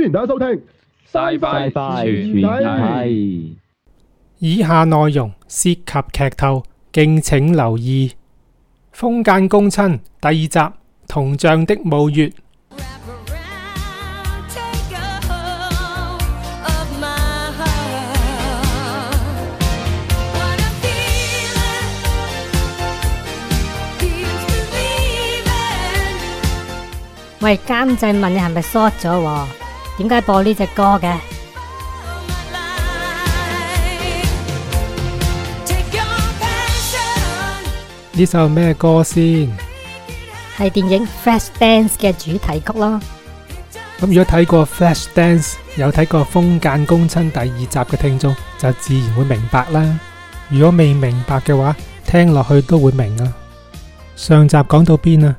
歡迎大家收聽《SciFi 全面睇》，以下內容涉及劇透，敬請留意《風間公親》第二集《銅像的墓穴》。喂，監製，問你係咪梳咗？點解播呢隻歌嘅？呢首咩歌先？係電影《Flash Dance》嘅主題曲咯。咁如果睇過《Flash Dance》，有睇過《風間公親》第二集嘅聽眾，就自然會明白啦。如果未明白嘅話，聽落去都會明啊。上集講到邊啊？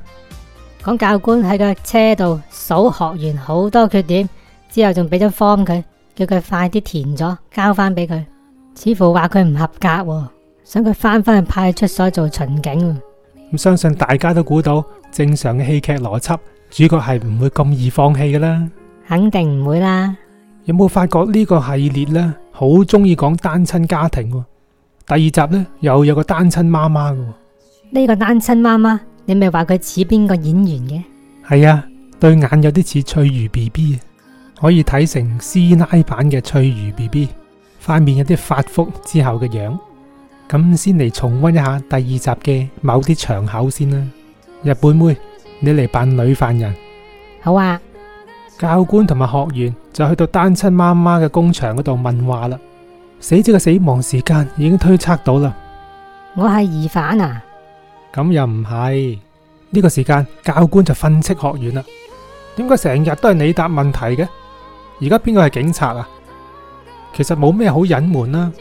講教官喺個車度數學員好多缺點。之後仲俾咗 form 佢，叫佢快啲填咗交翻俾佢，似乎話佢唔合格，想佢翻返去派出所做巡警。咁相信大家都估到正常嘅戲劇邏輯，主角係唔會咁易放棄噶啦，肯定唔會啦。有冇發覺呢個系列呢？好中意講單親家庭？第二集呢，又有個單親媽媽嘅。呢個單親媽媽，你咪話佢似邊個演員嘅？係啊，對眼有啲似翠如 BB 啊。可以睇成師奶版嘅翠如 BB，塊面有啲發福之後嘅樣。咁先嚟重溫一下第二集嘅某啲場口先啦。日本妹，你嚟扮女犯人好啊？教官同埋學員就去到單親媽媽嘅工場嗰度問話啦。死者嘅死亡時間已經推測到啦。我係疑犯啊？咁又唔係。呢個時間，教官就訓斥學員啦。點解成日都係你答問題嘅？而家邊個係警察啊？其實冇咩好隱瞞啦。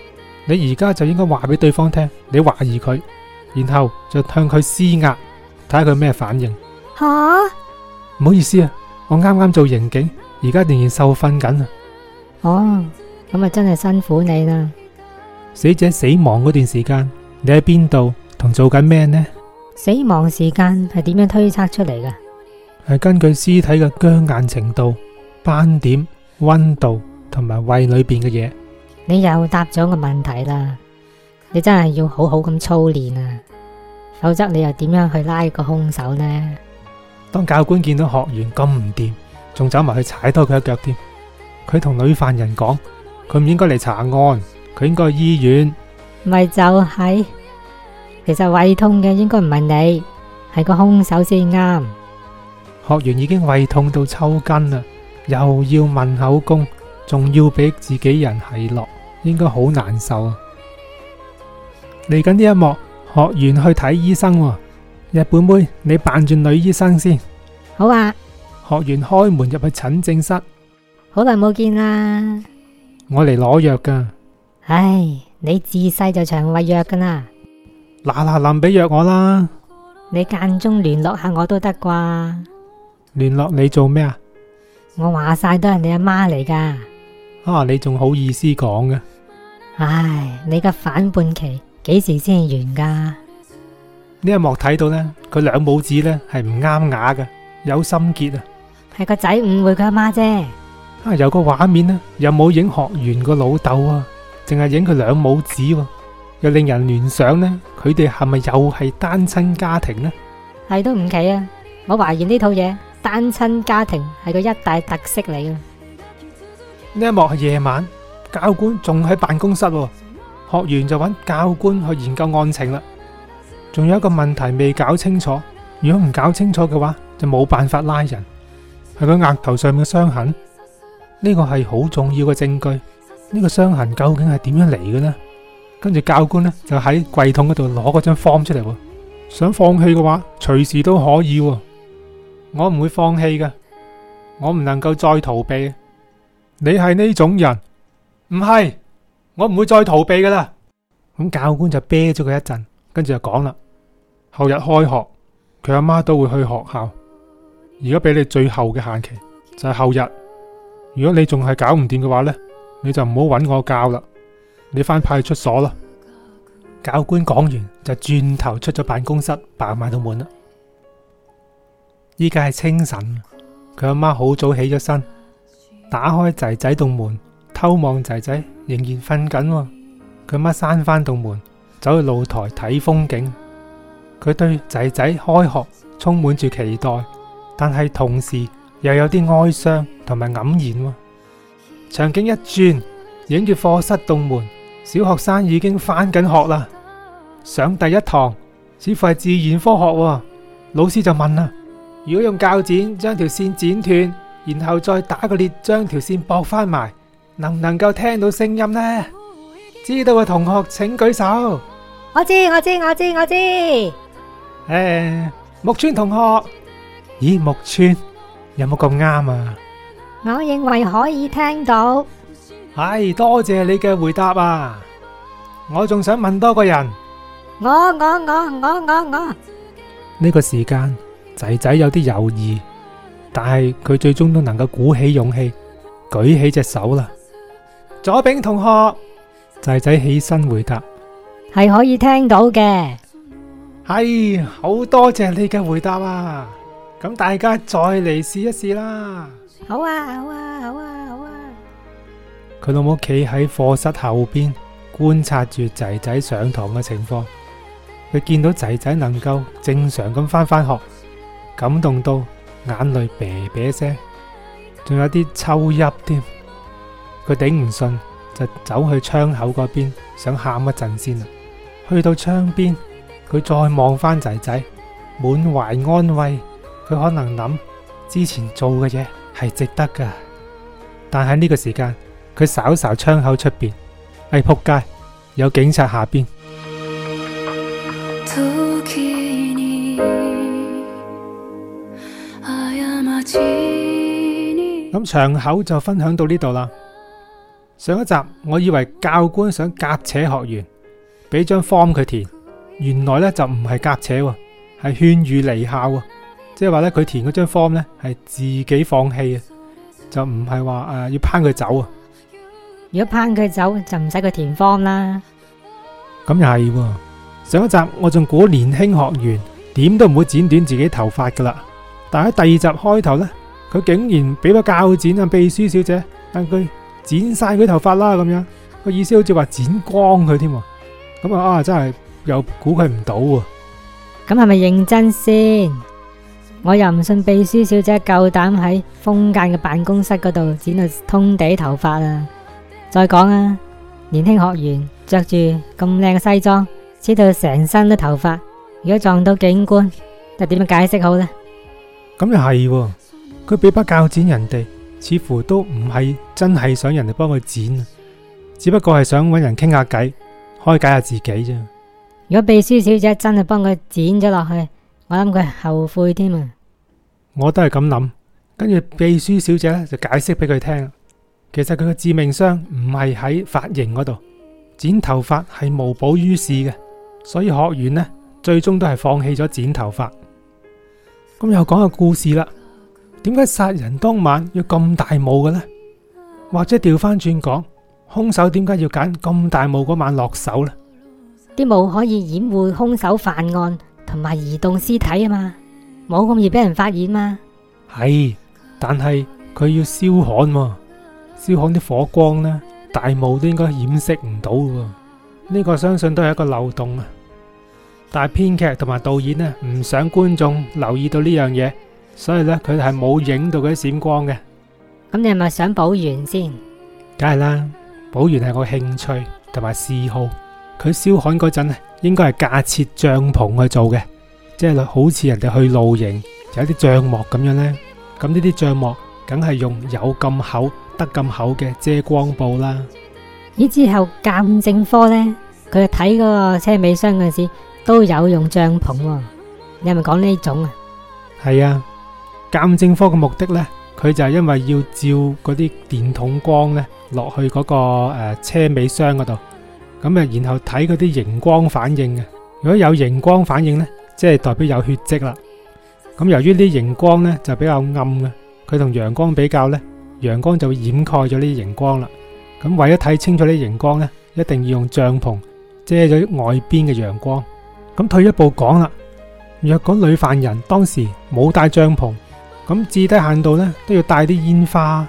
你而家就應該話俾對方聽，你懷疑佢，然後就向佢施壓，睇下佢咩反應吓。唔好意思啊，我啱啱做刑警，而家仍然受訓緊啊。哦，咁啊，真係辛苦你啦。死者死亡嗰段時間，你喺邊度同做緊咩呢？死亡時間係點樣推測出嚟㗎？係根據屍體嘅僵硬程度、斑點。温度同埋胃裏邊嘅嘢，你又答咗個問題啦！你真係要好好咁操練啊，否則你又點樣去拉個凶手呢？當教官見到學員咁唔掂，仲走埋去踩多佢一腳添。佢同女犯人講：佢唔應該嚟查案，佢應該去醫院。咪就係，其實胃痛嘅應該唔係你，係個凶手先啱。學員已經胃痛到抽筋啦。又要問口供，仲要俾自己人奚落，應該好難受。嚟緊呢一幕，學員去睇醫生。日本妹，你扮住女醫生先。好啊。學員開門入去診症室。好耐冇見啦。我嚟攞藥噶。唉，你自細就腸胃藥噶啦。嗱嗱臨，俾藥我啦。你間中聯絡下我都得啩。聯絡你做咩啊？我話晒都係你阿媽嚟噶，啊你仲好意思講嘅？唉，你個反叛期幾時先係完噶？呢一幕睇到呢，佢兩母子呢係唔啱牙嘅，有心結啊！係個仔誤會佢阿媽啫。啊，有個畫面呢，又冇影學員個老豆啊，淨係影佢兩母子，又令人聯想呢，佢哋係咪又係單親家庭呢？係都唔奇啊，我懷疑呢套嘢。單親家庭係個一大特色嚟嘅。呢一幕係夜晚，教官仲喺辦公室喎，學員就搵教官去研究案情啦。仲有一個問題未搞清楚，如果唔搞清楚嘅話，就冇辦法拉人。係佢額頭上面嘅傷痕，呢個係好重要嘅證據。呢個傷痕究竟係點樣嚟嘅呢？跟住教官呢就喺櫃桶嗰度攞嗰張 form 出嚟喎，想放棄嘅話，隨時都可以喎。我唔會放棄噶，我唔能夠再逃避。你係呢種人，唔係，我唔會再逃避噶啦。咁教官就啤咗佢一陣，跟住就講啦。後日開學，佢阿媽都會去學校。而家俾你最後嘅限期就係後日。如果你仲係搞唔掂嘅話呢，你就唔好搵我教啦，你翻派出所啦。教官講完就轉頭出咗辦公室，把埋道門啦。依家係清晨，佢阿媽好早起咗身，打開仔仔棟門，偷望仔仔仍然瞓緊喎。佢媽閂翻棟門，走去露台睇風景。佢對仔仔開學充滿住期待，但係同時又有啲哀傷同埋黯然。場景一轉，影住課室棟門，小學生已經翻緊學啦。上第一堂似乎係自然科學，老師就問啦。如果用鉸剪將條線剪斷，然後再打個裂，將條線駁翻埋，能唔能夠聽到聲音呢？知道嘅同學請舉手。我知，我知，我知，我知。哎，木村同學，咦，木村有冇咁啱啊？我認為可以聽到。唉、哎，多謝你嘅回答啊！我仲想問多個人。我我我我我我呢個時間？仔仔有啲猶豫，但係佢最終都能夠鼓起勇氣，舉起隻手啦。左炳同學，仔仔起身回答，係可以聽到嘅。係、哎、好多謝你嘅回答啊！咁大家再嚟試一試啦。好啊，好啊，好啊，好啊。佢老母企喺課室後邊觀察住仔仔上堂嘅情況，佢見到仔仔能夠正常咁翻返學，感動到眼淚喋喋聲，仲有啲抽泣添。佢頂唔順就走去窗口嗰邊，想喊一陣先啦。去到窗邊，佢再望返仔仔，滿懷安慰。佢可能諗之前做嘅嘢係值得噶。但喺呢個時間，佢睄睄窗口出邊，係扑街，有警察下邊。咁場口就分享到呢度啦。上一集我以為教官想夾扯學員，俾張 form 佢填，原來呢就唔係夾扯喎，係勸喻離校。即係話呢，佢填嗰張 form 呢係自己放棄啊，就唔係話誒要攀佢走啊。如果攀佢走就唔使佢填 form 啦。咁又係喎。上一集我仲估年輕學員點都唔會剪短自己頭髮噶啦。但喺第二集開頭呢，佢竟然俾個鉸剪啊，秘書小姐，但佢剪晒佢頭髮啦，咁樣個意思好似話剪光佢添，咁啊啊，真係又估佢唔到啊！咁係咪認真先？我又唔信秘書小姐夠膽喺風間嘅辦公室嗰度剪到通地頭髮啊！再講啊，年輕學員着住咁靚嘅西裝，黐到成身都頭髮，如果撞到警官，就點樣解釋好呢？咁又係，佢俾把鉸剪人哋，似乎都唔係真係想人哋幫佢剪，只不過係想搵人傾下偈，開解下自己啫。如果秘書小姐真係幫佢剪咗落去，我諗佢後悔添啊！我都係咁諗，跟住秘書小姐咧就解釋俾佢聽，其實佢嘅致命傷唔係喺髮型嗰度，剪頭髮係無補於事嘅，所以學員咧最終都係放棄咗剪頭髮。咁又講個故事啦，點解殺人當晚要咁大霧嘅呢？或者調翻轉講，兇手點解要揀咁大霧嗰晚落手呢？啲霧可以掩護兇手犯案同埋移動屍體啊嘛，冇咁易俾人發現嘛。係，但係佢要燒焊喎，燒焊啲火光呢，大霧都應該掩飾唔到嘅，呢個相信都係一個漏洞啊。但係編劇同埋導演咧，唔想觀眾留意到呢樣嘢，所以咧佢係冇影到嗰啲閃光嘅。咁你係咪想補完先？梗係啦，補完係個興趣同埋嗜好。佢燒焊嗰陣咧，應該係架設帳篷去做嘅，即係好似人哋去露營有一啲帳幕咁樣咧。咁呢啲帳幕梗係用有咁厚、得咁厚嘅遮光布啦。咦，之後鑑證科咧，佢就睇嗰個車尾箱嗰陣時。都有用帳篷喎，你係咪講呢種是啊？係啊，鑒證科嘅目的呢，佢就係因為要照嗰啲電筒光呢落去嗰、嗰個誒、呃、車尾箱嗰度，咁啊然後睇嗰啲熒光反應啊。如果有熒光反應呢，即係代表有血跡啦。咁由於啲熒光呢就比較暗嘅，佢同陽光比較呢，陽光就會掩蓋咗呢啲熒光啦。咁為咗睇清楚啲熒光呢，一定要用帳篷遮咗外邊嘅陽光。咁退一步講啦，若果女犯人當時冇帶帳篷，咁至低限度咧都要帶啲煙花。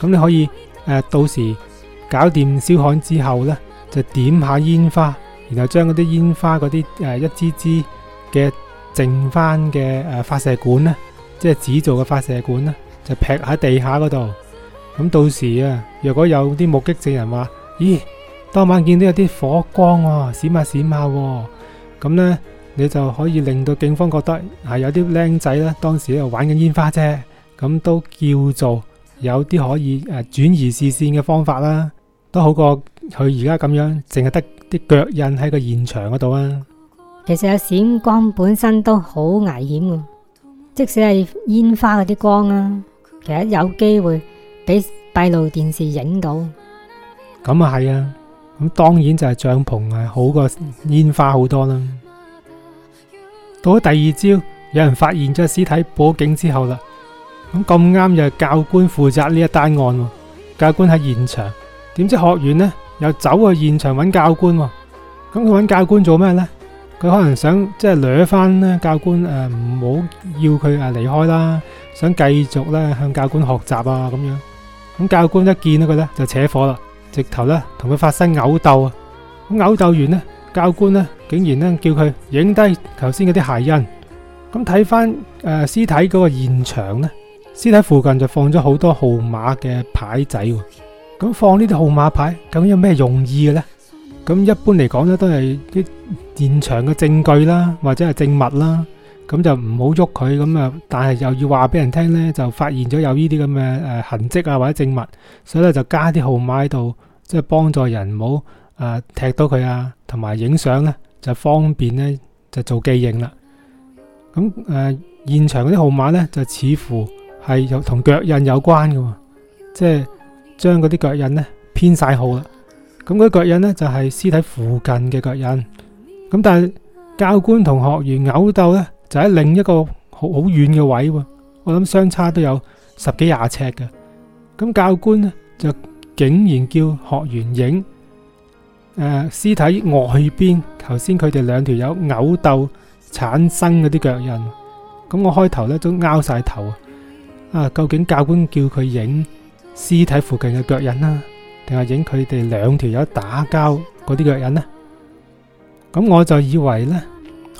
咁你可以誒，到時搞掂燒焊之後咧，就點下煙花，然後將嗰啲煙花嗰啲誒一支支嘅剩翻嘅誒發射管咧，即係紙做嘅發射管咧，就劈喺地下嗰度。咁到時啊，若果有啲目擊證人話，咦，當晚見到有啲火光喎，閃下閃下。咁呢，你就可以令到警方覺得係、啊、有啲靚仔咧，當時喺度玩緊煙花啫，咁都叫做有啲可以誒轉、啊、移視線嘅方法啦、啊，都好過佢而家咁樣淨係得啲腳印喺個現場嗰度啊。其實有閃光本身都好危險嘅，即使係煙花嗰啲光啊，其實有機會俾閉路電視影到。咁啊，係啊。咁當然就係帳篷係好過煙花好多啦。到咗第二朝，有人發現咗屍體，報警之後啦。咁咁啱又係教官負責呢一單案，教官喺現場，點知學員呢？又走去現場揾教官。咁佢揾教官做咩呢？佢可能想即係掠翻咧教官誒，唔好要佢誒，離開啦，想繼續咧向教官學習啊咁樣。咁教官一見到佢呢，就扯火啦。直頭咧同佢發生嘔鬥啊！咁毆鬥完呢，教官呢竟然呢叫佢影低頭先嗰啲鞋印。咁睇翻誒屍體嗰個現場呢，屍體附近就放咗好多號碼嘅牌仔。咁放呢啲號碼牌，究竟有咩用意嘅呢？咁一般嚟講咧都係啲現場嘅證據啦，或者係證物啦。咁就唔好喐佢咁啊，但係又要話俾人聽咧，就發現咗有呢啲咁嘅痕跡啊，或者證物，所以咧就加啲號碼喺度，即係幫助人唔好誒踢到佢啊，同埋影相咧就方便咧就做記認啦。咁誒現場嗰啲號碼咧就似乎係有同腳印有關嘅喎，即係將嗰啲腳印咧編晒號啦。咁嗰啲腳印咧就係屍體附近嘅腳印。咁但係教官同學員毆鬥咧。就喺另一個好好遠嘅位喎，我諗相差都有十幾廿尺嘅。咁教官咧就竟然叫學員影誒屍體外邊，頭先佢哋兩條友嘔鬥產生嗰啲腳印。咁我開頭咧都拗晒頭啊！究竟教官叫佢影屍體附近嘅腳印啦，定係影佢哋兩條友打交嗰啲腳印咧？咁我就以為咧。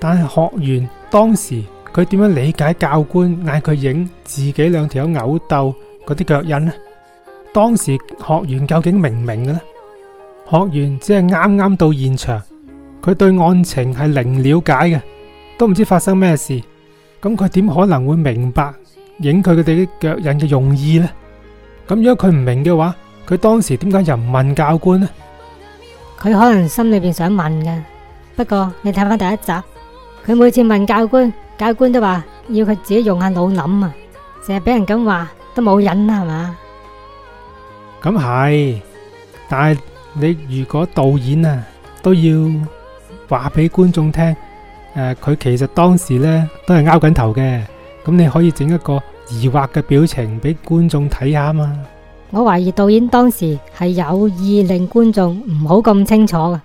但係學員當時佢點樣理解教官嗌佢影自己兩條狗斗嗰啲腳印咧？當時學員究竟明唔明嘅咧？學員只係啱啱到現場，佢對案情係零了解嘅，都唔知發生咩事。咁佢點可能會明白影佢哋啲腳印嘅用意咧？咁如果佢唔明嘅話，佢當時點解又唔問教官咧？佢可能心裏邊想問嘅，不過你睇翻第一集。佢每次問教官，教官都話要佢自己用下腦諗啊！成日俾人咁話都冇癮啊，係嘛？咁係，但係你如果導演啊，都要話俾觀眾聽，誒，佢其實當時咧都係拗緊頭嘅，咁你可以整一個疑惑嘅表情俾觀眾睇下啊嘛！我懷疑導演當時係有意令觀眾唔好咁清楚啊，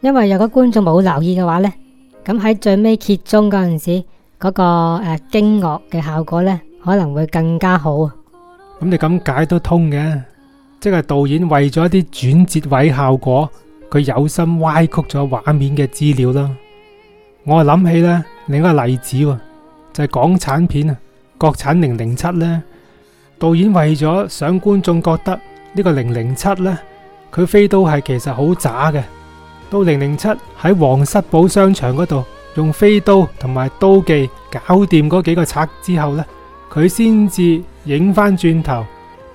因為如果觀眾冇留意嘅話咧。咁喺最尾揭盅嗰陣時，嗰個誒，驚愕嘅效果咧，可能會更加好。咁你咁解都通嘅，即係導演為咗一啲轉折位效果，佢有心歪曲咗畫面嘅資料啦。我諗起咧另一個例子，就係港產片啊，國產零零七咧，導演為咗想觀眾覺得呢個零零七咧，佢飛刀係其實好渣嘅。到零零七喺皇室堡商場嗰度用飛刀同埋刀技搞掂嗰幾個賊之後呢，佢先至影翻轉頭。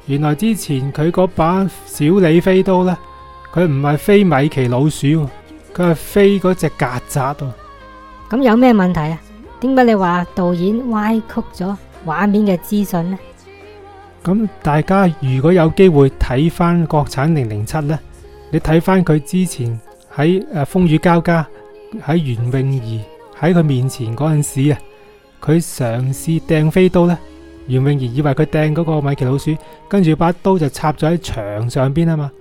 原來之前佢嗰把小李飛刀呢，佢唔係飛米奇老鼠，佢係飛嗰隻曱甴哦。咁有咩問題啊？點解你話導演歪曲咗畫面嘅資訊呢？咁大家如果有機會睇翻國產零零七呢，你睇翻佢之前。喺誒、啊、風雨交加，喺袁詠儀喺佢面前嗰陣時啊，佢嘗試掟飛刀咧，袁詠儀以為佢掟嗰個米奇老鼠，跟住把刀就插咗喺牆上邊啊嘛。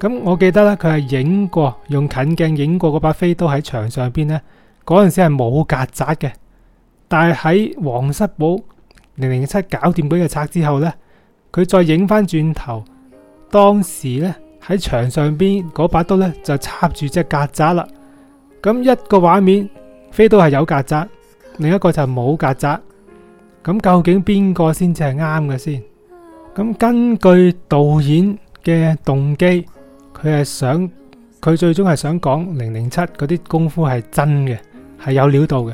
咁我記得咧，佢係影過用近鏡影過嗰把飛刀喺牆上邊咧，嗰陣時係冇曱甴嘅。但係喺黃室寶零零七搞掂畀佢拆之後咧，佢再影翻轉頭，當時咧。喺牆上邊嗰把刀咧，就插住隻曱甴啦。咁一個畫面飛刀係有曱甴，另一個就冇曱甴。咁究竟邊個先至係啱嘅先？咁根據導演嘅動機，佢係想佢最終係想講零零七嗰啲功夫係真嘅，係有料到嘅。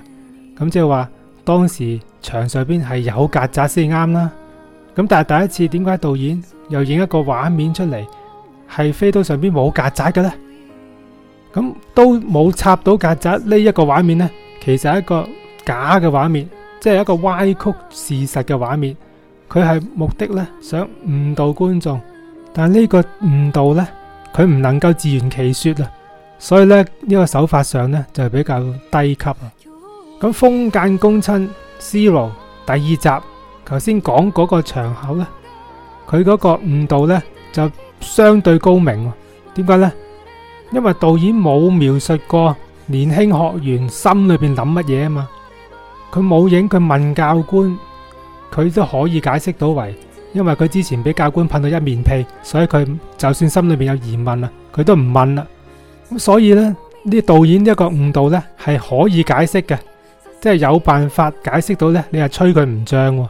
咁即係話當時牆上邊係有曱甴先啱啦。咁但係第一次點解導演又影一個畫面出嚟？係飛刀上邊冇曱甴嘅咧，咁都冇插到曱甴呢一個畫面咧，其實係一個假嘅畫面，即係一個歪曲事實嘅畫面。佢係目的咧想誤導觀眾，但係呢個誤導咧，佢唔能夠自圓其說啊，所以咧呢個手法上咧就係比較低級啊。咁《風間公親》zero 第二集，頭先講嗰個場合咧，佢嗰個誤導咧就。相對高明，點解呢？因為導演冇描述過年輕學員心裏邊諗乜嘢啊嘛，佢冇影佢問教官，佢都可以解釋到為，因為佢之前俾教官噴到一面屁，所以佢就算心裏邊有疑問啦，佢都唔問啦。咁所以呢，呢導演一個誤導呢係可以解釋嘅，即係有辦法解釋到呢。你係吹佢唔脹，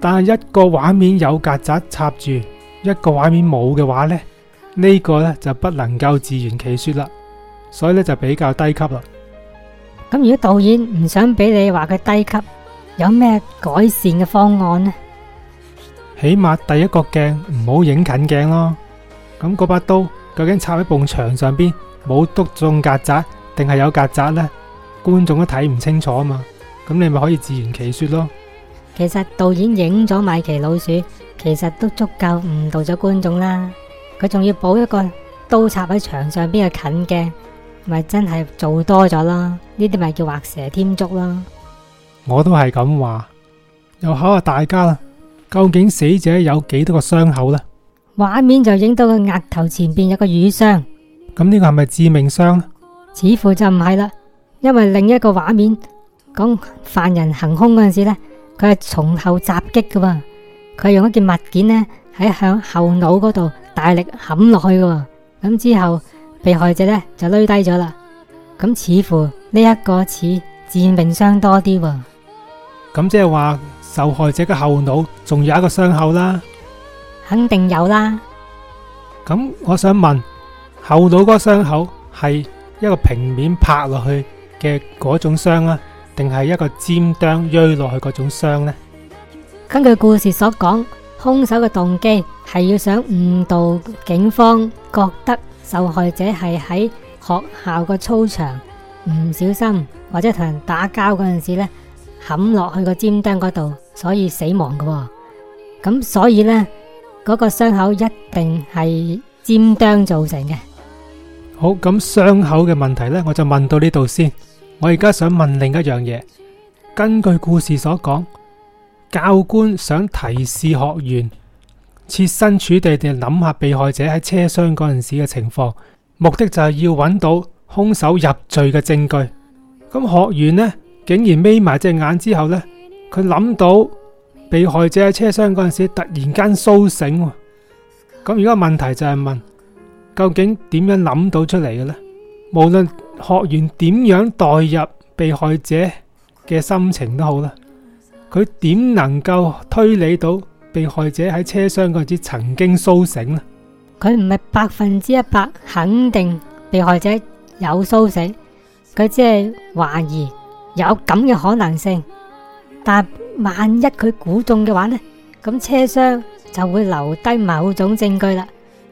但係一個畫面有曱甴插住。一個畫面冇嘅話咧，呢個咧就不能夠自圓其說啦，所以咧就比較低級啦。咁如果導演唔想俾你話佢低級，有咩改善嘅方案咧？起碼第一個鏡唔好影近鏡咯。咁嗰把刀究竟插喺埲牆上邊冇篤中曱甴，定係有曱甴咧？觀眾都睇唔清楚啊嘛。咁你咪可以自圓其說咯。其實導演影咗米奇老鼠。其實都足夠誤導咗觀眾啦，佢仲要補一個刀插喺牆上邊嘅近鏡，咪真係做多咗咯？呢啲咪叫畫蛇添足啦！我都係咁話，又考下大家啦，究竟死者有幾多個傷口咧？畫面就影到佢額頭前邊有個瘀傷，咁呢個係咪致命傷咧？似乎就唔係啦，因為另一個畫面講犯人行兇嗰陣時咧，佢係從後襲擊㗎喎。佢用一件物件呢，喺向後腦嗰度大力冚落去嘅喎，咁之後被害者咧就累低咗啦。咁似乎呢一個似致命傷多啲喎。咁即係話受害者嘅後腦仲有一個傷口啦？肯定有啦。咁我想問後腦嗰個傷口係一個平面拍落去嘅嗰種傷啊，定係一個尖釘錐落去嗰種傷呢？根據故事所講，凶手嘅動機係要想誤導警方，覺得受害者係喺學校個操場唔小心或者同人打交嗰陣時呢，冚落去個尖釘嗰度，所以死亡嘅。咁所以呢，嗰個傷口一定係尖釘造成嘅。好，咁傷口嘅問題呢，我就問到呢度先。我而家想問另一樣嘢，根據故事所講。教官想提示學員設身處地地諗下被害者喺車廂嗰陣時嘅情況，目的就係要揾到凶手入罪嘅證據。咁學員呢，竟然眯埋隻眼之後呢，佢諗到被害者喺車廂嗰陣時突然間蘇醒。咁而家問題就係問，究竟點樣諗到出嚟嘅呢？無論學員點樣代入被害者嘅心情都好啦。佢點能夠推理到被害者喺車廂嗰時曾經蘇醒呢？佢唔係百分之一百肯定被害者有蘇醒，佢只係懷疑有咁嘅可能性。但萬一佢估中嘅話呢，咁車廂就會留低某種證據啦。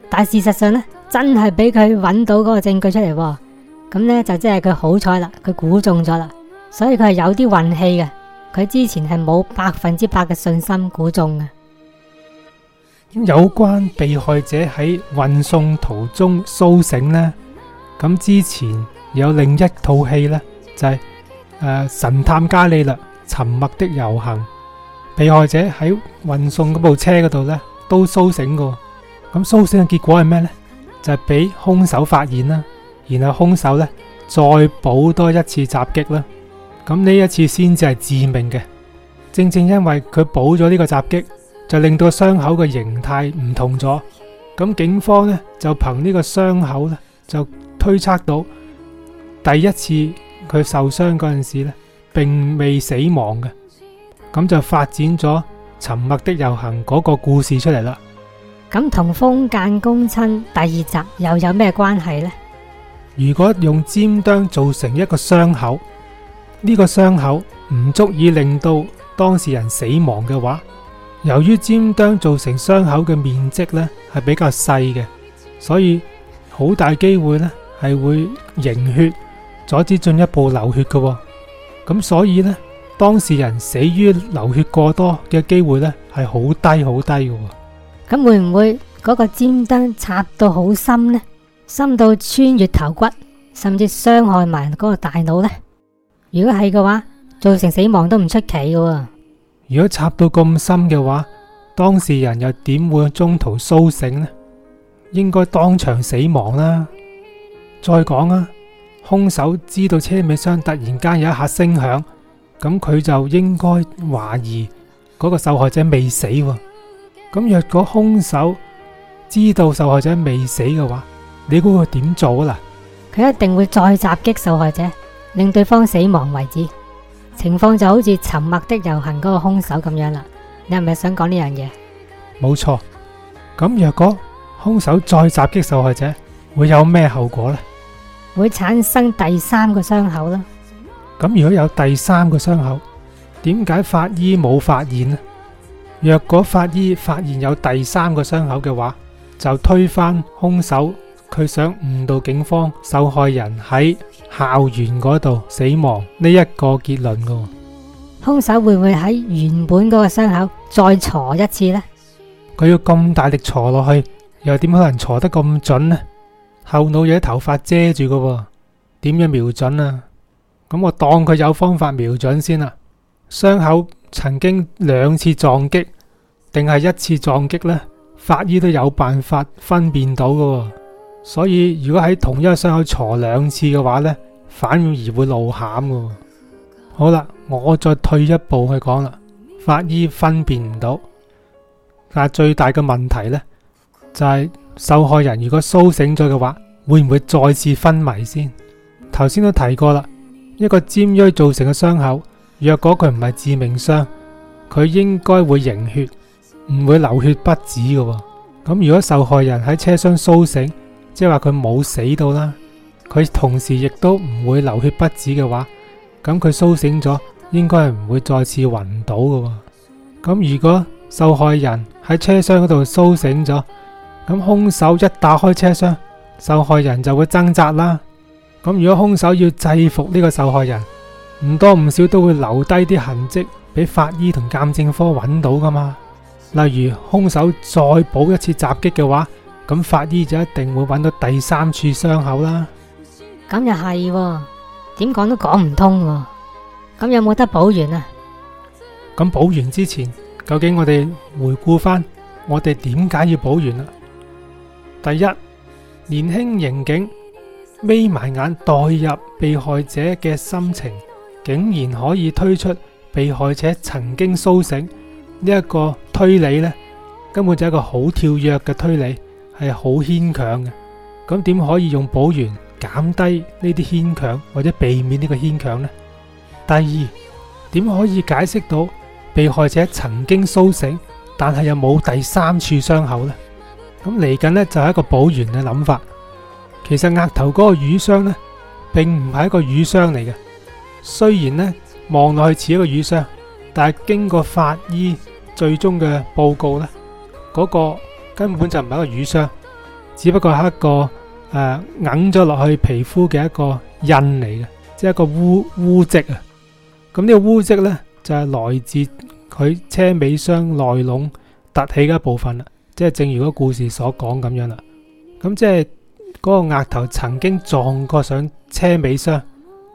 但事實上呢，真係俾佢揾到嗰個證據出嚟，咁呢就即係佢好彩啦，佢估中咗啦，所以佢係有啲運氣嘅。佢之前係冇百分之百嘅信心估中呀，有關被害者喺運送途中蘇醒呢。咁之前有另一套戲呢，就係、是呃、神探伽利略沉默的遊行，被害者喺運送嗰部車嗰度呢，都蘇醒過。咁蘇醒嘅結果係咩呢？就係俾凶手發現啦，然後凶手呢，再補多一次襲擊啦。咁呢一次先至係致命嘅，正正因為佢補咗呢個襲擊，就令到傷口嘅形態唔同咗。咁警方呢，就憑呢個傷口咧就推測到第一次佢受傷嗰陣時呢，並未死亡嘅，咁就發展咗沉默的遊行嗰、那個故事出嚟啦。咁同風間公親第二集又有咩關係呢？如果用尖釘造成一個傷口。呢個傷口唔足以令到當事人死亡嘅話，由於尖釘造成傷口嘅面積呢係比較細嘅，所以好大機會呢係會凝血，阻止進一步流血嘅。咁所以呢，當事人死於流血過多嘅機會呢係好低，好低嘅。咁會唔會嗰個尖釘插到好深呢？深到穿越頭骨，甚至傷害埋嗰個大腦呢？如果係嘅話，造成死亡都唔出奇嘅。如果插到咁深嘅話，當事人又點會中途蘇醒呢？應該當場死亡啦。再講啊，兇手知道車尾箱突然間有一下聲響，咁佢就應該懷疑嗰個受害者未死。咁若果兇手知道受害者未死嘅話，你估佢點做啦？佢一定會再襲擊受害者。令對方死亡為止，情況就好似《沉默的遊行》嗰個凶手咁樣啦。你係咪想講呢樣嘢？冇錯。咁若果凶手再襲擊受害者，會有咩後果呢？會產生第三個傷口啦。咁如果有第三個傷口，點解法醫冇發現呢？若果法醫發現有第三個傷口嘅話，就推翻凶手。佢想誤導警方，受害人喺校園嗰度死亡呢一個結論噶。凶手會唔會喺原本嗰個傷口再鋤一次呢？佢要咁大力鋤落去，又點可能鋤得咁準呢？後腦有啲頭髮遮住噶，點樣瞄準啊？咁我當佢有方法瞄準先啦。傷口曾經兩次撞擊，定係一次撞擊呢？法醫都有辦法分辨到噶。所以如果喺同一個傷口挫兩次嘅話呢，反而會露餡噶。好啦，我再退一步去講啦。法醫分辨唔到，但最大嘅問題呢，就係受害人如果甦醒咗嘅話，會唔會再次昏迷先？頭先都提過啦，一個尖鋭造成嘅傷口，若果佢唔係致命傷，佢應該會凝血，唔會流血不止嘅。咁如果受害人喺車廂甦醒，即係話佢冇死到啦，佢同時亦都唔會流血不止嘅話，咁佢甦醒咗，應該係唔會再次暈倒噶。咁如果受害人喺車廂嗰度甦醒咗，咁兇手一打開車廂，受害人就會掙扎啦。咁如果兇手要制服呢個受害人，唔多唔少都會留低啲痕跡俾法醫同鑑證科揾到噶嘛。例如兇手再補一次襲擊嘅話。咁法醫就一定會揾到第三處傷口啦。咁又係，點講都講唔通。咁有冇得補完啊？咁補完之前，究竟我哋回顧翻，我哋點解要補完啊？第一，年輕刑警眯埋眼代入被害者嘅心情，竟然可以推出被害者曾經甦醒，呢一個推理呢，根本就係一個好跳躍嘅推理。係好牽強嘅，咁點可以用保元減低呢啲牽強，或者避免呢個牽強呢？第二，點可以解釋到被害者曾經甦醒，但係又冇第三處傷口呢？咁嚟緊呢，就係一個保元嘅諗法。其實額頭嗰個瘀傷呢，並唔係一個瘀傷嚟嘅，雖然呢，望落去似一個瘀傷，但係經過法醫最終嘅報告呢，嗰個根本就唔係一個瘀傷，只不過係一個誒，硬咗落去皮膚嘅一個印嚟嘅，即係一個污污漬啊！咁呢個污漬咧就係來自佢車尾箱內籠凸起嘅一部分啦。即係正如個故事所講咁樣啦。咁即係嗰個額頭曾經撞過上車尾箱，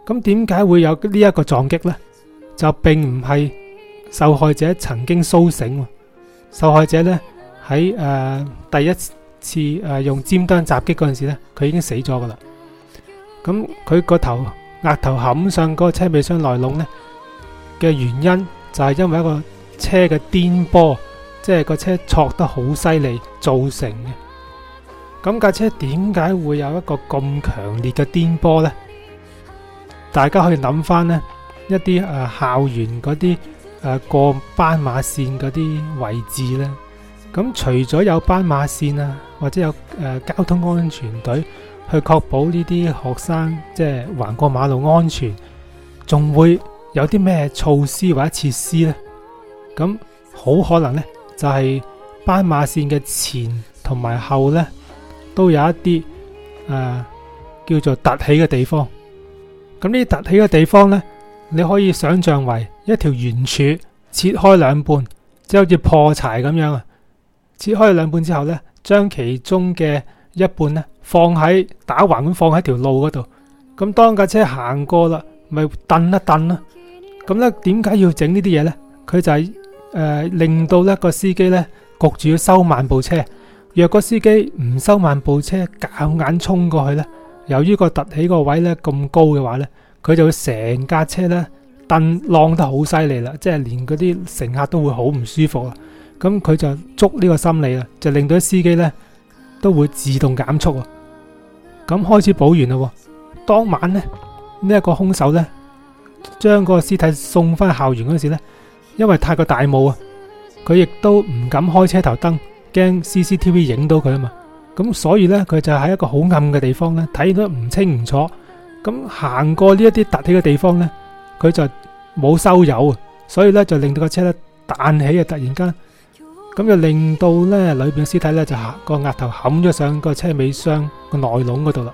咁點解會有呢一個撞擊咧？就並唔係受害者曾經甦醒，受害者咧。喺誒第一次誒用尖端襲擊嗰陣時咧，佢已經死咗㗎喇。咁佢個頭額頭冚上嗰個車尾箱內籠咧嘅原因就係因為一個車嘅顛簸，即係個車挫得好犀利造成嘅。咁架車點解會有一個咁強烈嘅顛簸咧？大家可以諗返咧一啲誒校園嗰啲誒過斑馬線嗰啲位置咧。咁除咗有斑馬線啊，或者有、呃、交通安全隊去確保呢啲學生即係橫過馬路安全，仲會有啲咩措施或者設施呢？咁好可能呢，就係、是、斑馬線嘅前同埋後呢，都有一啲誒、呃、叫做凸起嘅地方。咁呢啲凸起嘅地方呢，你可以想象為一條圓柱切開兩半，即係好似破柴咁樣啊！切開兩半之後咧，將其中嘅一半咧放喺打橫咁放喺條路嗰度。咁當架車行過啦，咪震一震囉。咁咧點解要整呢啲嘢咧？佢就係誒令到咧個司機咧焗住要收慢部車。若個司機唔收慢部車，夾硬衝過去咧，由於個凸起個位咧咁高嘅話咧，佢就會成架車咧震浪得好犀利啦，即係連嗰啲乘客都會好唔舒服啊！咁佢就捉呢個心理啦，就令到啲司機呢都會自動減速。咁開始補完喎。當晚呢，呢一個兇手呢，將個屍體送翻校園嗰時呢，因為太過大霧啊，佢亦都唔敢開車頭燈，驚 CCTV 影到佢啊嘛。咁所以呢，佢就喺一個好暗嘅地方呢，睇得唔清唔楚。咁行過呢一啲凸起嘅地方呢，佢就冇收油啊，所以呢，就令到個車呢彈起啊，突然間。咁就令到咧裏邊嘅屍體咧就下個額頭冚咗上個車尾箱個內籠嗰度啦。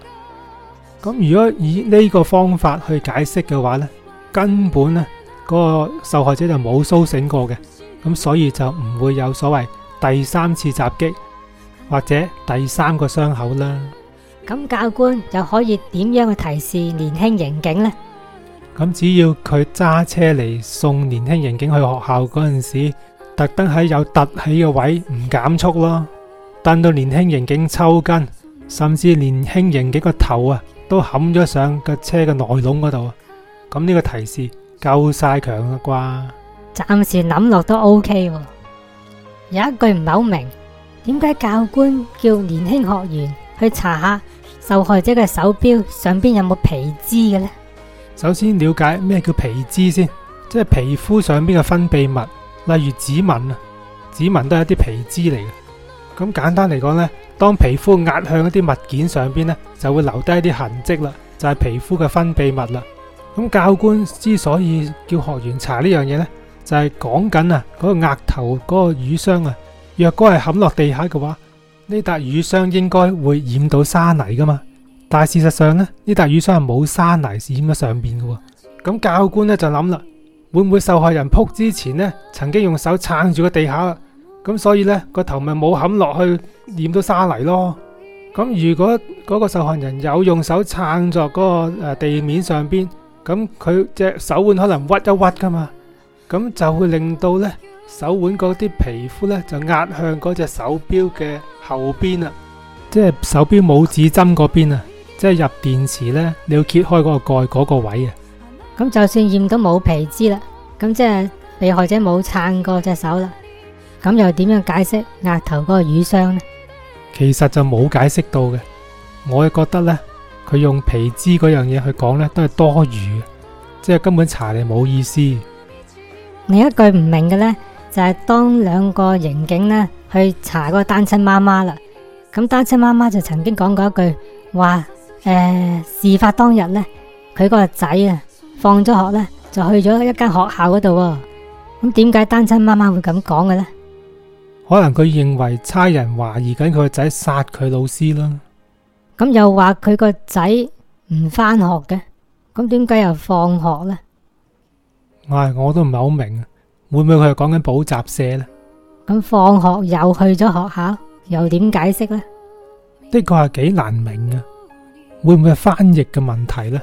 咁如果以呢個方法去解釋嘅話咧，根本咧嗰個受害者就冇甦醒過嘅，咁所以就唔會有所謂第三次襲擊或者第三個傷口啦。咁教官就可以點樣去提示年輕刑警呢？咁只要佢揸車嚟送年輕刑警去學校嗰陣時候。特登喺有凸起嘅位唔減速咯，等到年輕刑警抽筋，甚至年輕刑警嘅個頭啊都冚咗上個車嘅內籠嗰度，咁呢個提示夠晒強啦啩？暫時諗落都 OK，有一句唔係好明，點解教官叫年輕學員去查下受害者嘅手錶上邊有冇皮脂嘅呢？首先了解咩叫皮脂先，即係皮膚上邊嘅分泌物。例如指紋啊，指紋都係一啲皮脂嚟嘅。咁簡單嚟講呢，當皮膚壓向一啲物件上邊呢，就會留低一啲痕跡啦，就係、是、皮膚嘅分泌物啦。咁教官之所以叫學員查呢樣嘢呢，就係講緊啊嗰個額頭嗰個乳霜啊，若果係冚落地下嘅話，呢笪乳霜應該會染到沙泥噶嘛。但係事實上呢，呢笪乳霜係冇沙泥染喺上邊噶。咁教官呢就諗啦。會唔會受害人撲之前咧，曾經用手撐住個地下啦，咁所以咧個頭咪冇冚落去掂到沙泥咯。咁如果嗰個受害人有用手撐在嗰個誒地面上邊，咁佢隻手腕可能屈一屈噶嘛，咁就會令到咧手腕嗰啲皮膚咧就壓向嗰隻手錶嘅後邊啊，即係手錶冇指針嗰邊啊，即係入電池咧你要揭開嗰個蓋嗰個位啊。咁就算驗到冇皮脂啦，咁即係被害者冇撐過隻手啦，咁又點樣解釋額頭嗰個瘀傷呢？其實就冇解釋到嘅。我又覺得呢，佢用皮脂嗰樣嘢去講呢，都係多餘嘅，即係根本查你冇意思。另一句唔明嘅呢，就係、是、當兩個刑警呢去查嗰個單親媽媽啦。咁單親媽媽就曾經講過一句話，誒、呃，事發當日呢，佢個仔啊。放咗學呢，就去咗一間學校嗰度。咁點解單親媽媽會咁講嘅呢？可能佢認為差人懷疑緊佢個仔殺佢老師啦。咁又話佢個仔唔翻學嘅，咁點解又放學呢？唉，我都唔係好明啊。會唔會佢係講緊補習社呢？咁放學又去咗學校，又點解釋呢？的確係幾難明啊！會唔會係翻譯嘅問題呢？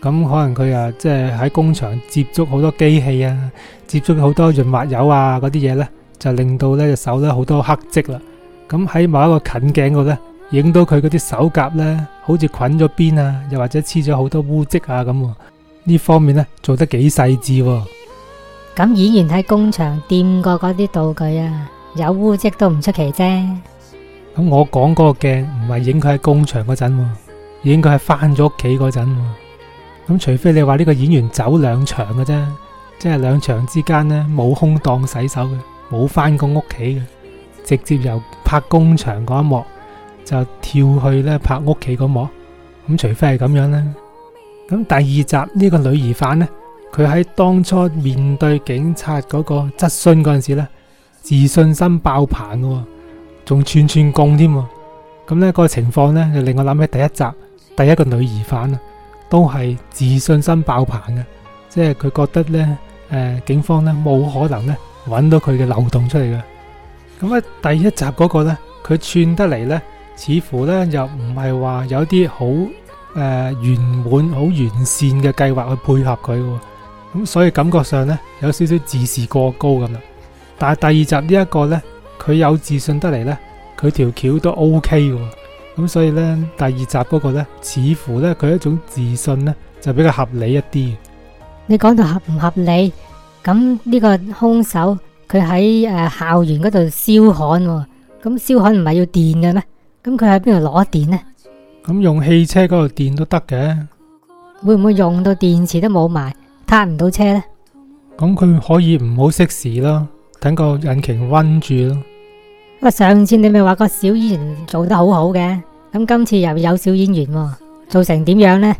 咁可能佢啊，即係喺工場接觸好多機器啊，接觸好多潤滑油啊嗰啲嘢呢，就令到呢隻手咧好多黑跡啦。咁喺某一個近鏡度呢，影到佢嗰啲手甲呢，好似捆咗邊啊，又或者黐咗好多污漬啊咁喎。呢方面呢做得幾細緻喎。咁演員喺工場掂過嗰啲道具啊，有污漬都唔出奇啫。咁我講嗰個鏡唔係影佢喺工場嗰陣喎，影佢係翻咗屋企嗰陣。咁除非你話呢個演員走兩場嘅啫，即係兩場之間呢冇空檔洗手嘅，冇翻過屋企嘅，直接由拍工場嗰一幕就跳去咧拍屋企嗰幕。咁除非係咁樣呢，咁第二集呢，這個女兒犯呢，佢喺當初面對警察嗰個質詢嗰陣時咧，自信心爆棚嘅，仲串串供添。咁、那、呢個情況呢，就令我諗起第一集第一個女兒犯啊。都係自信心爆棚嘅，即係佢覺得咧，誒、呃、警方咧冇可能咧搵到佢嘅漏洞出嚟嘅。咁、嗯、一第一集嗰個呢，佢串得嚟呢，似乎呢又唔係話有啲好誒圓滿、好完善嘅計劃去配合佢嘅。咁、嗯、所以感覺上呢，有少少自視過高咁啦。但係第二集呢一個呢，佢有自信得嚟呢，佢條橋都 O K 嘅。咁所以咧，第二集嗰個咧，似乎咧佢一種自信咧，就比較合理一啲。你講到合唔合理？咁呢個凶手佢喺誒校園嗰度燒焊，咁燒焊唔係要電嘅咩？咁佢喺邊度攞電呢？咁用汽車嗰度電都得嘅。會唔會用到電池都冇埋，撻唔到車呢？咁佢可以唔好熄匙咯，等個引擎溫住咯。啊，上次你咪話個小伊人做得好好嘅。咁今次又有小演員，做成點樣咧？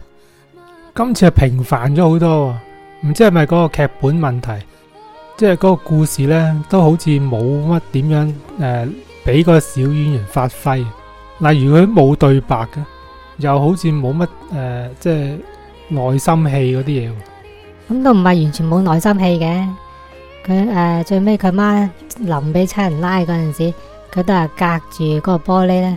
今次係平凡咗好多，唔知係咪嗰個劇本問題，即係嗰個故事咧都好似冇乜點樣誒，俾嗰個小演員發揮。例如佢冇對白嘅，又好似冇乜誒，即係內心戲嗰啲嘢。咁都唔係完全冇內心戲嘅，佢誒最尾佢媽臨俾差人拉嗰陣時，佢都係隔住嗰個玻璃咧。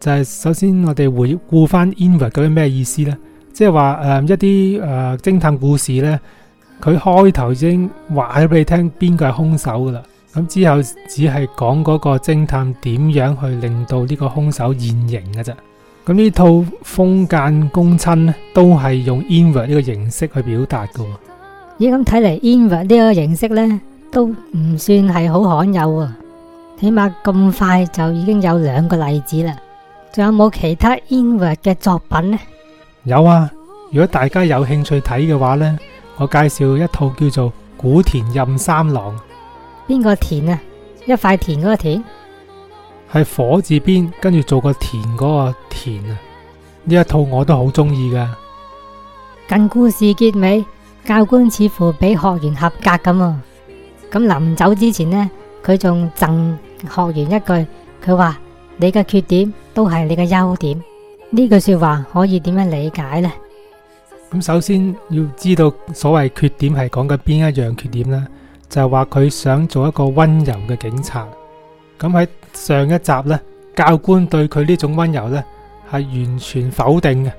就係首先，我哋回顧翻《Envy》咁樣咩意思呢？即係話一啲誒、呃、偵探故事呢，佢開頭已經話咗俾你聽邊個係兇手噶啦。咁之後只係講嗰個偵探點樣去令到呢個兇手現形嘅啫。咁呢套風間公親呢都係用《Envy》呢個形式去表達嘅。咦？咁睇嚟，《Envy》呢個形式呢都唔算係好罕有啊，起碼咁快就已經有兩個例子啦。仲有冇其他 inward 嘅作品呢？有啊，如果大家有興趣睇嘅話呢，我介紹一套叫做《古畑任三郎》。邊個田啊？一塊田嗰個田係火字邊，跟住做個田嗰個田啊。呢一套我都好中意噶。近故事結尾，教官似乎俾學員合格咁啊。咁臨走之前呢，佢仲贈學員一句，佢話你嘅缺點。都係你嘅優點。呢句說話可以點樣理解呢？咁首先要知道所謂缺點係講緊邊一樣缺點啦，就係話佢想做一個溫柔嘅警察。咁喺上一集呢，教官對佢呢種溫柔呢係完全否定嘅，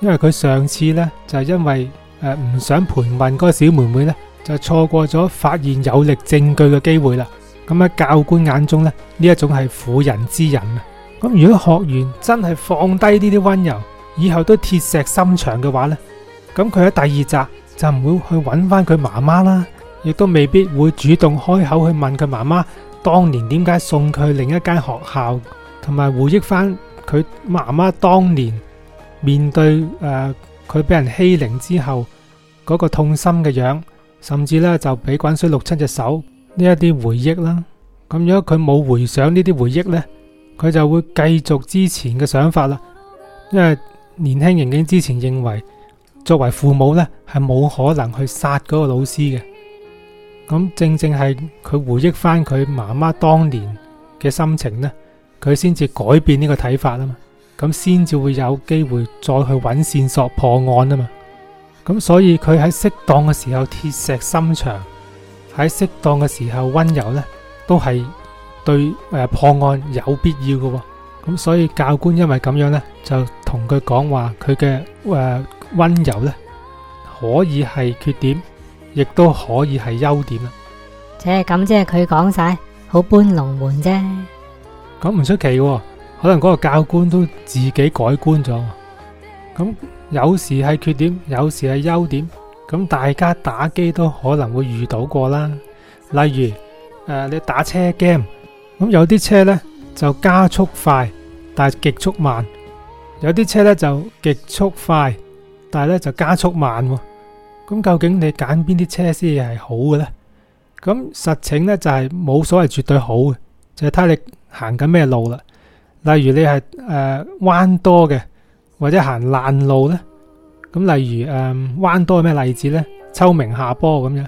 因為佢上次呢就係因為誒唔想盤問嗰個小妹妹呢，就錯過咗發現有力證據嘅機會啦。咁喺教官眼中呢，呢一種係婦人之仁啊。咁如果學員真係放低呢啲溫柔，以後都鐵石心腸嘅話咧，咁佢喺第二集就唔會去揾翻佢媽媽啦，亦都未必會主動開口去問佢媽媽當年點解送佢另一間學校，同埋回憶翻佢媽媽當年面對誒佢俾人欺凌之後嗰個痛心嘅樣，甚至咧就俾滾水淥親隻手呢一啲回憶啦。咁如果佢冇回想呢啲回憶咧？佢就會繼續之前嘅想法啦，因為年輕刑警之前認為作為父母咧係冇可能去殺嗰個老師嘅，咁正正係佢回憶返佢媽媽當年嘅心情咧，佢先至改變呢個睇法啊嘛，咁先至會有機會再去揾線索破案啊嘛，咁所以佢喺適當嘅時候鐵石心腸，喺適當嘅時候溫柔咧，都係。對誒，破案有必要㗎喎，咁所以教官因為咁樣呢，就同佢講話佢嘅，誒温柔呢，可以係缺點，亦都可以係優點啦。即係咁，即係佢講晒，好搬龍門啫。咁唔出奇喎，可能嗰個教官都自己改觀咗。咁有時係缺點，有時係優點。咁大家打機都可能會遇到過啦。例如誒，你打車 game。咁有啲車咧就加速快，但係極速慢；有啲車咧就極速快，但係咧就加速慢喎。咁究竟你揀邊啲車先係好嘅咧？咁實情咧就係冇所謂絕對好嘅，就係睇你行緊咩路啦。例如你係誒彎多嘅，或者行爛路咧。咁例如誒彎多係咩例子咧？秋明下坡咁樣，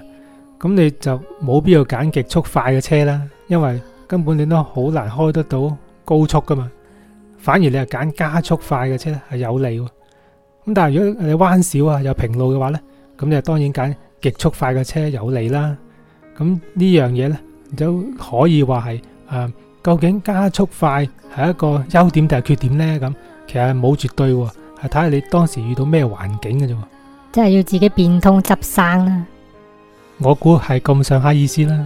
咁你就冇必要揀極速快嘅車啦，因為根本你都好難開得到高速噶嘛，反而你係揀加速快嘅車係有利，咁但係如果你彎少啊有平路嘅話咧，咁你當然揀極速快嘅車有利啦。咁呢樣嘢咧就可以話係，啊究竟加速快係一個優點定係缺點咧？咁其實冇絕對，係睇下你當時遇到咩環境嘅啫。即係要自己變通執生啦。我估係咁上下意思啦。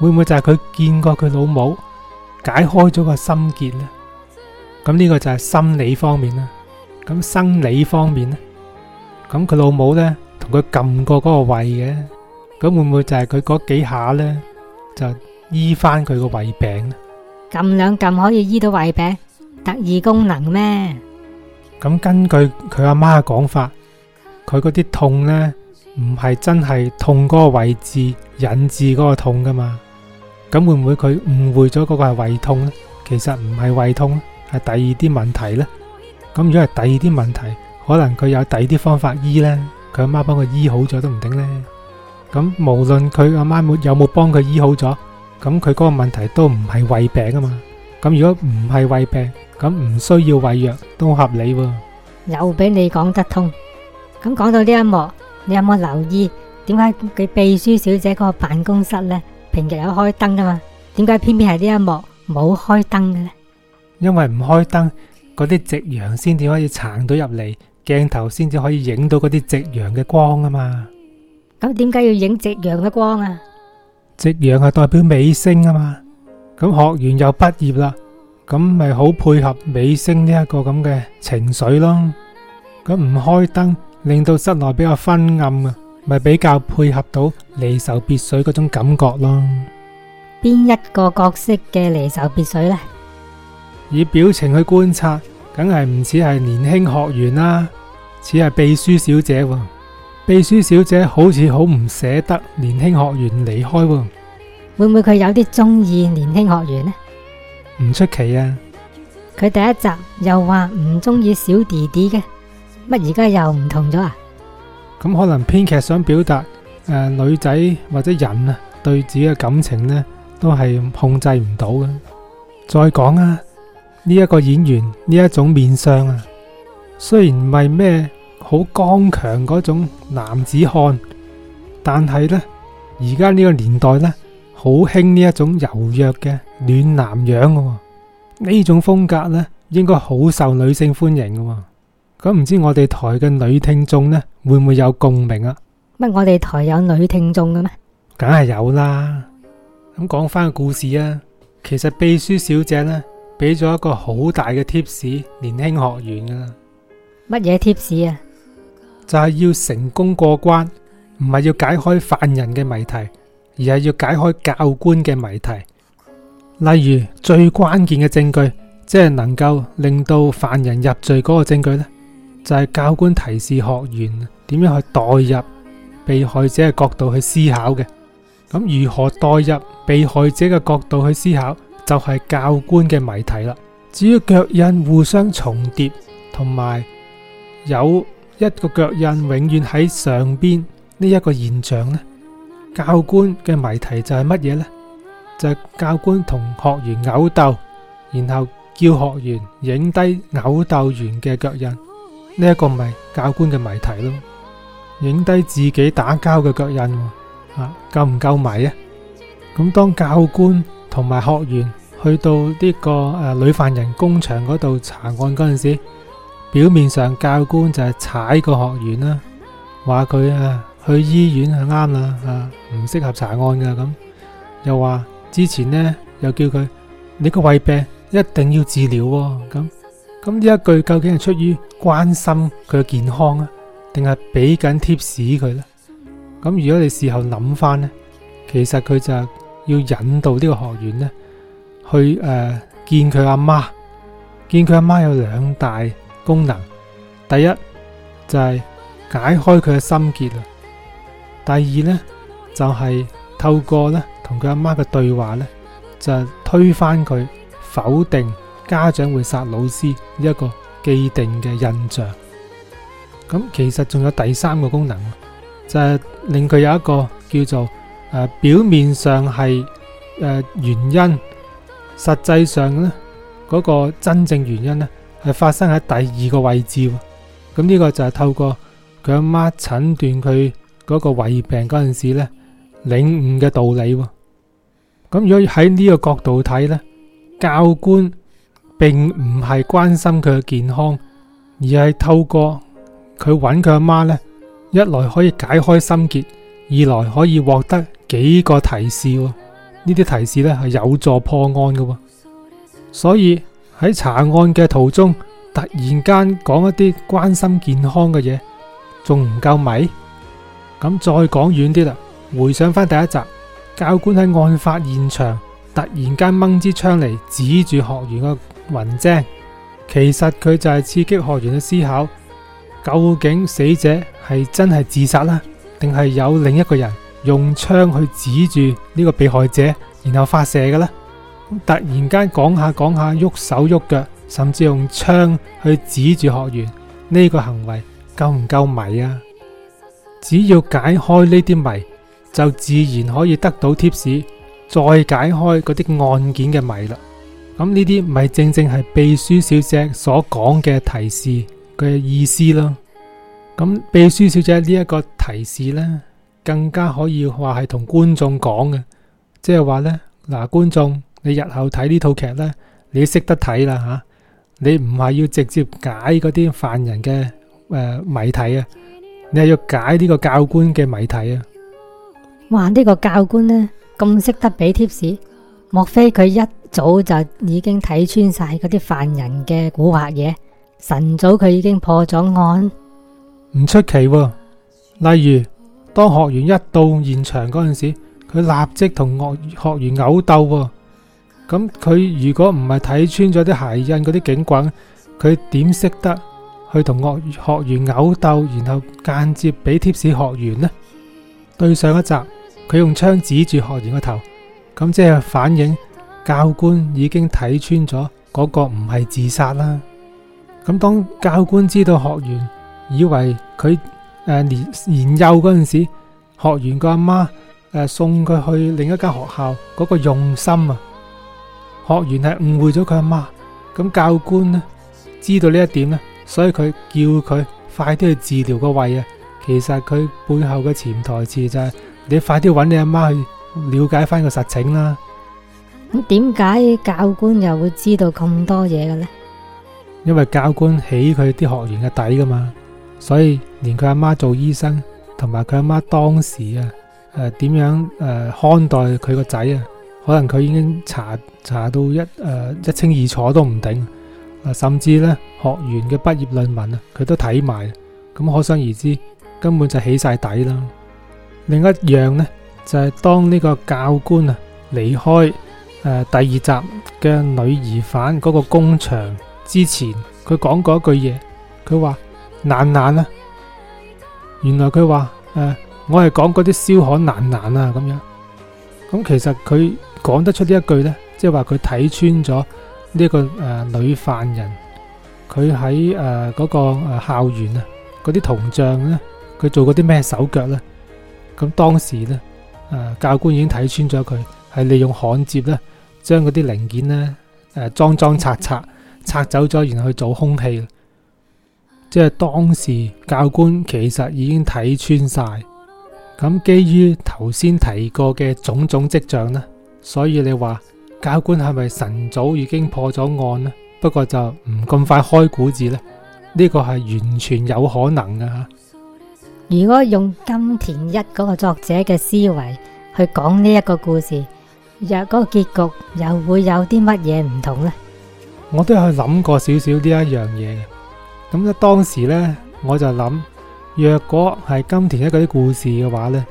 會唔會就係佢見過佢老母解開咗個心結呢？咁呢個就係心理方面啦。咁生理方面呢，咁佢老母呢同佢撳過嗰個胃嘅，咁會唔會就係佢嗰幾下呢就醫翻佢個胃病咧？撳兩撳可以醫到胃病？特異功能咩？咁根據佢阿媽嘅講法，佢嗰啲痛呢唔係真係痛嗰個位置引致嗰個痛噶嘛？咁會唔會佢誤會咗嗰個係胃痛咧？其實唔係胃痛，係第二啲問題咧。咁如果係第二啲問題，可能佢有第二啲方法醫咧。佢阿媽幫佢醫好咗都唔定咧。咁無論佢阿媽有冇幫佢醫好咗，咁佢嗰個問題都唔係胃病啊嘛。咁如果唔係胃病，咁唔需要胃藥都合理喎。又俾你講得通。咁講到呢一幕，你有冇留意點解佢秘書小姐個辦公室咧？成日有開燈噶嘛？點解偏偏係呢一幕冇開燈嘅呢？因為唔開燈，嗰啲夕陽先至可以撐到入嚟，鏡頭先至可以影到嗰啲夕陽嘅光啊嘛。咁點解要影夕陽嘅光啊？夕陽係代表尾聲啊嘛。咁學完又畢業啦，咁咪好配合尾聲呢一個咁嘅情緒咯。咁唔開燈，令到室內比較昏暗啊。咪比較配合到離愁別水嗰種感覺咯。邊一個角色嘅離愁別水呢？以表情去觀察，梗係唔似係年輕學員啦，似係秘書小姐喎。秘書小姐好似好唔捨得年輕學員離開喎。會唔會佢有啲中意年輕學員呢？唔出奇啊！佢第一集又話唔中意小弟弟嘅，乜而家又唔同咗啊？咁可能編劇想表達誒，女仔或者人啊，對自己嘅感情咧，都係控制唔到嘅。再講啊，呢一個演員呢，一種面相啊，雖然唔係咩好剛強嗰種男子漢，但係咧，而家呢個年代咧，好興呢一種柔弱嘅暖男樣嘅呢種風格咧，應該好受女性歡迎嘅。咁唔知我哋台嘅女聽眾咧？會唔會有共鳴啊？乜？我哋台有女聽眾嘅咩？梗係有啦。咁講返個故事啊。其實秘書小姐呢，俾咗一個好大嘅貼士，年輕學員㗎喇。乜嘢貼士啊？就係要成功過關，唔係要解開犯人嘅謎題，而係要解開教官嘅謎題。例如最關鍵嘅證據，即係能夠令到犯人入罪嗰個證據呢，就係教官提示學員。點樣去代入被害者嘅角度去思考嘅？咁如何代入被害者嘅角度去思考，就係教官嘅謎題啦。至於腳印互相重疊，同埋有一個腳印永遠喺上邊呢一個現象呢，教官嘅謎題就係乜嘢呢？就係教官同學員扭鬥，然後叫學員影低扭鬥完嘅腳印，呢一個咪教官嘅謎題咯。影低自己打交嘅腳印啊，夠唔夠迷啊？咁當教官同埋學員去到呢個誒女犯人工場嗰度查案嗰陣時，表面上教官就係踩個學員啦，話佢啊去醫院係啱啦，吓唔適合查案噶咁，又話之前呢，又叫佢你個胃病一定要治療喎、哦，咁咁呢一句究竟係出於關心佢嘅健康啊？定係俾緊貼士佢咧？咁如果你事後諗翻咧，其實佢就係要引導呢個學員咧去誒見佢阿媽，見佢阿媽有兩大功能，第一就係解開佢嘅心結啦，第二咧就係透過咧同佢阿媽嘅對話咧，就推翻佢否定家長會殺老師呢一個既定嘅印象。咁其實仲有第三個功能，就係令佢有一個叫做誒表面上係誒原因，實際上咧嗰個真正原因咧係發生喺第二個位置喎。咁呢個就係透過佢阿媽診斷佢嗰個胃病嗰陣時咧，領悟嘅道理喎。咁如果喺呢個角度睇咧，教官並唔係關心佢嘅健康，而係透過佢揾佢阿媽呢，一來可以解開心結，二來可以獲得幾個提示，呢啲提示呢係有助破案噶，所以喺查案嘅途中，突然間講一啲關心健康嘅嘢，仲唔夠米？咁再講遠啲啦，回想翻第一集，教官喺案發現場突然間掹支槍嚟指住學員個魂精。其實佢就係刺激學員嘅思考。究竟死者係真係自殺啦，定係有另一個人用槍去指住呢個被害者，然後發射嘅呢？突然間講下講下，喐手喐腳，甚至用槍去指住學員，呢個行為夠唔夠迷啊？只要解開呢啲謎，就自然可以得到 tips，再解開嗰啲案件嘅謎啦。咁呢啲咪正正係秘書小姐所講嘅提示。嘅意思咯，咁秘書小姐呢一個提示咧，更加可以話係同觀眾講嘅，即係話咧，嗱觀眾，你日後睇呢套劇咧，你要識得睇啦吓，你唔係要直接解嗰啲犯人嘅誒謎題啊，你係要解呢個教官嘅謎題啊！哇，呢個教官咧咁識得俾 tips，莫非佢一早就已經睇穿晒嗰啲犯人嘅古惑嘢？晨早佢已經破咗案，唔出奇喎、哦。例如，當學員一到現場嗰陣時候，佢立即同惡學員毆鬥喎、哦。咁佢如果唔係睇穿咗啲鞋印嗰啲警棍，佢點識得去同惡學員毆鬥，然後間接俾貼士學員呢？對上一集，佢用槍指住學員個頭，咁即係反映教官已經睇穿咗嗰個唔係自殺啦。咁當教官知道學員以為佢誒年年幼嗰陣時，學員個阿媽誒送佢去另一間學校嗰個用心啊，學員係誤會咗佢阿媽。咁教官呢，知道呢一點呢，所以佢叫佢快啲去治療個胃啊。其實佢背後嘅潛台詞就係你快啲揾你阿媽去了解翻個實情啦。咁，點解教官又會知道咁多嘢嘅呢？因為教官起佢啲學員嘅底噶嘛，所以連佢阿媽做醫生，同埋佢阿媽當時啊，誒點樣誒看待佢個仔啊？可能佢已經查查到一誒一清二楚都唔定啊，甚至咧學員嘅畢業論文啊，佢都睇埋，咁可想而知根本就起晒底啦。另一樣咧就係當呢個教官啊離開誒第二集嘅女兒返嗰個工場。之前佢講過一句嘢，佢話難難啊。原來佢話誒，我係講嗰啲燒焊難難啊，咁、呃啊、樣咁、嗯。其實佢講得出呢一句呢，即係話佢睇穿咗呢一個、呃、女犯人，佢喺誒嗰個校園啊嗰啲銅像呢，佢做過啲咩手腳呢？咁、嗯、當時呢，誒、呃、教官已經睇穿咗佢係利用焊接呢，將嗰啲零件呢誒裝裝拆拆。拆走咗，然後去做空氣，即係當時教官其實已經睇穿晒。咁基於頭先提過嘅種種跡象呢，所以你話教官係咪晨早已經破咗案呢？不過就唔咁快開估字呢，呢、呢個係完全有可能噶吓。如果用金田一嗰個作者嘅思維去講呢一個故事，若嗰個結局又會有啲乜嘢唔同呢？我都有諗過少少呢一樣嘢嘅，咁咧當時咧我就諗，若果係金田一嗰啲故事嘅話咧，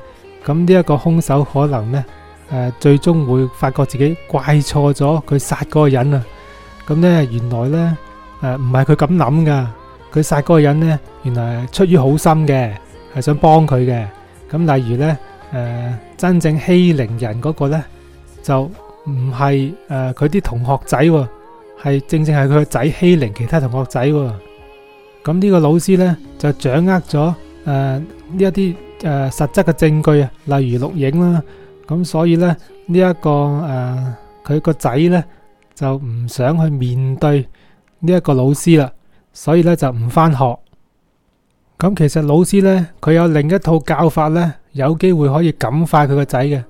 咁呢一個凶手可能咧，誒最終會發覺自己怪錯咗佢殺嗰個人啊，咁咧原來咧誒唔係佢咁諗噶，佢殺嗰個人咧原來係出於好心嘅，係想幫佢嘅，咁例如咧誒真正欺凌人嗰個咧就唔係誒佢啲同學仔。係正正係佢個仔欺凌其他同學仔，咁呢個老師呢就掌握咗誒呢一啲誒實質嘅證據啊，例如錄影啦，咁所以呢呢一個誒佢個仔呢就唔想去面對呢一個老師啦，所以呢就唔返學。咁其實老師呢佢有另一套教法呢，有機會可以感化佢個仔嘅，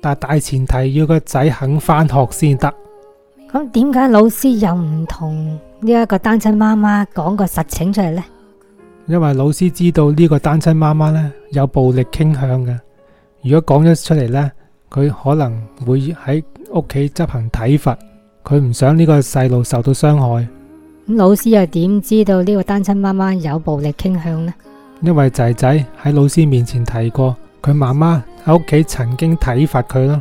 但係大前提要個仔肯返學先得。咁點解老師又唔同呢一個單親媽媽講個實情出嚟呢？因為老師知道呢個單親媽媽呢有暴力傾向嘅，如果講咗出嚟呢，佢可能會喺屋企執行體罰，佢唔想呢個細路受到傷害。老師又點知道呢個單親媽媽有暴力傾向呢？因為仔仔喺老師面前提過佢媽媽喺屋企曾經體罰佢囉。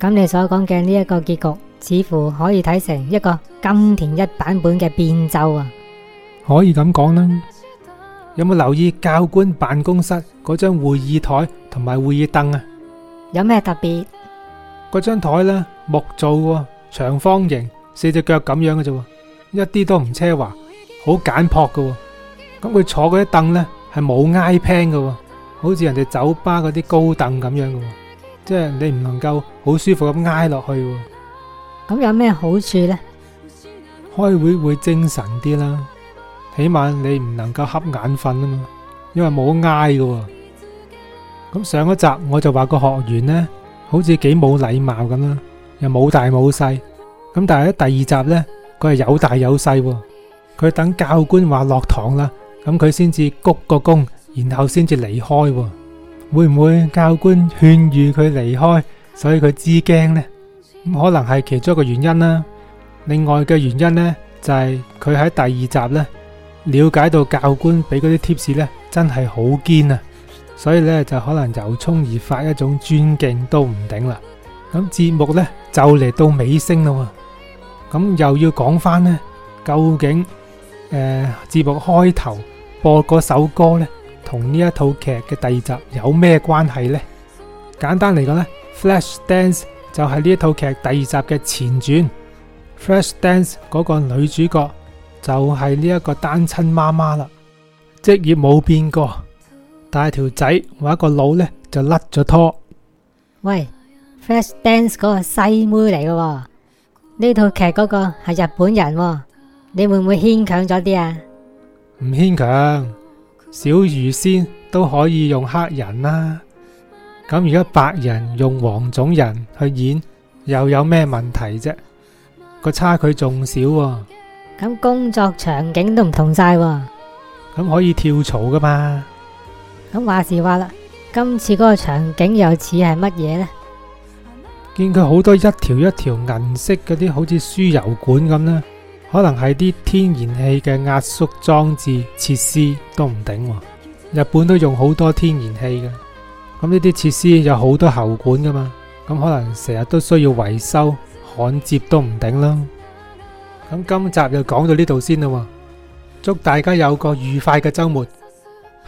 咁你所講嘅呢一個結局？似乎可以睇成一個金田一版本嘅變奏啊！可以咁講啦，有冇留意教官辦公室嗰張會議台同埋會議凳啊？有咩特別？嗰張台呢，木造嘅，長方形，四隻腳咁樣嘅啫，一啲都唔奢華，好簡朴嘅喎。咁佢坐嗰啲凳呢，係冇挨憑嘅，好似人哋酒吧嗰啲高凳咁樣嘅，即係你唔能夠好舒服咁挨落去。咁有咩好處咧？開會會精神啲啦，起碼你唔能夠瞌眼瞓啊嘛，因為冇挨噶咁上一集我就話個學員咧，好似幾冇禮貌咁啦，又冇大冇細。咁但係喺第二集咧，佢係有大有細。佢等教官話落堂啦，咁佢先至鞠個躬，然後先至離開。會唔會教官勸喻佢離開，所以佢知驚咧？咁可能係其中一個原因啦。另外嘅原因呢，就係佢喺第二集呢，了解到教官俾嗰啲 tips 呢，真係好堅啊。所以呢就可能由衷而發一種尊敬都唔頂啦。咁節目呢就嚟到尾聲啦，啊，咁又要講翻呢，究竟誒、呃、節目開頭播嗰首歌呢同呢一套劇嘅第二集有咩關係呢？簡單嚟講呢，Flash Dance，就係呢一套劇第二集嘅前傳，Flash Dance 嗰個女主角就係呢一個單親媽媽啦，職業冇變過，但係條仔或一個佬咧就甩咗拖。喂，Flash Dance 嗰個細妹嚟嘅，哦，呢套劇嗰個係日本人，哦，你會唔會牽強咗啲啊？唔牽強，小魚仙都可以用黑人啦，啊。咁而家白人用黃種人去演，又有咩問題啫？個差距仲少喎、啊。咁工作場景都唔同晒喎。咁可以跳槽噶嘛？咁話時話啦，今次嗰個場景又似係乜嘢呢？見佢好多一條一條銀色嗰啲，好似輸油管咁呢，可能係啲天然氣嘅壓縮裝置設施都唔頂、啊。日本都用好多天然氣㗎。咁呢啲設施有好多喉管㗎嘛，咁可能成日都需要維修、焊接都唔定啦。咁今集就講到呢度先啦，祝大家有個愉快嘅周末，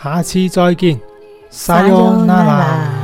下次再見，沙喲娜拉。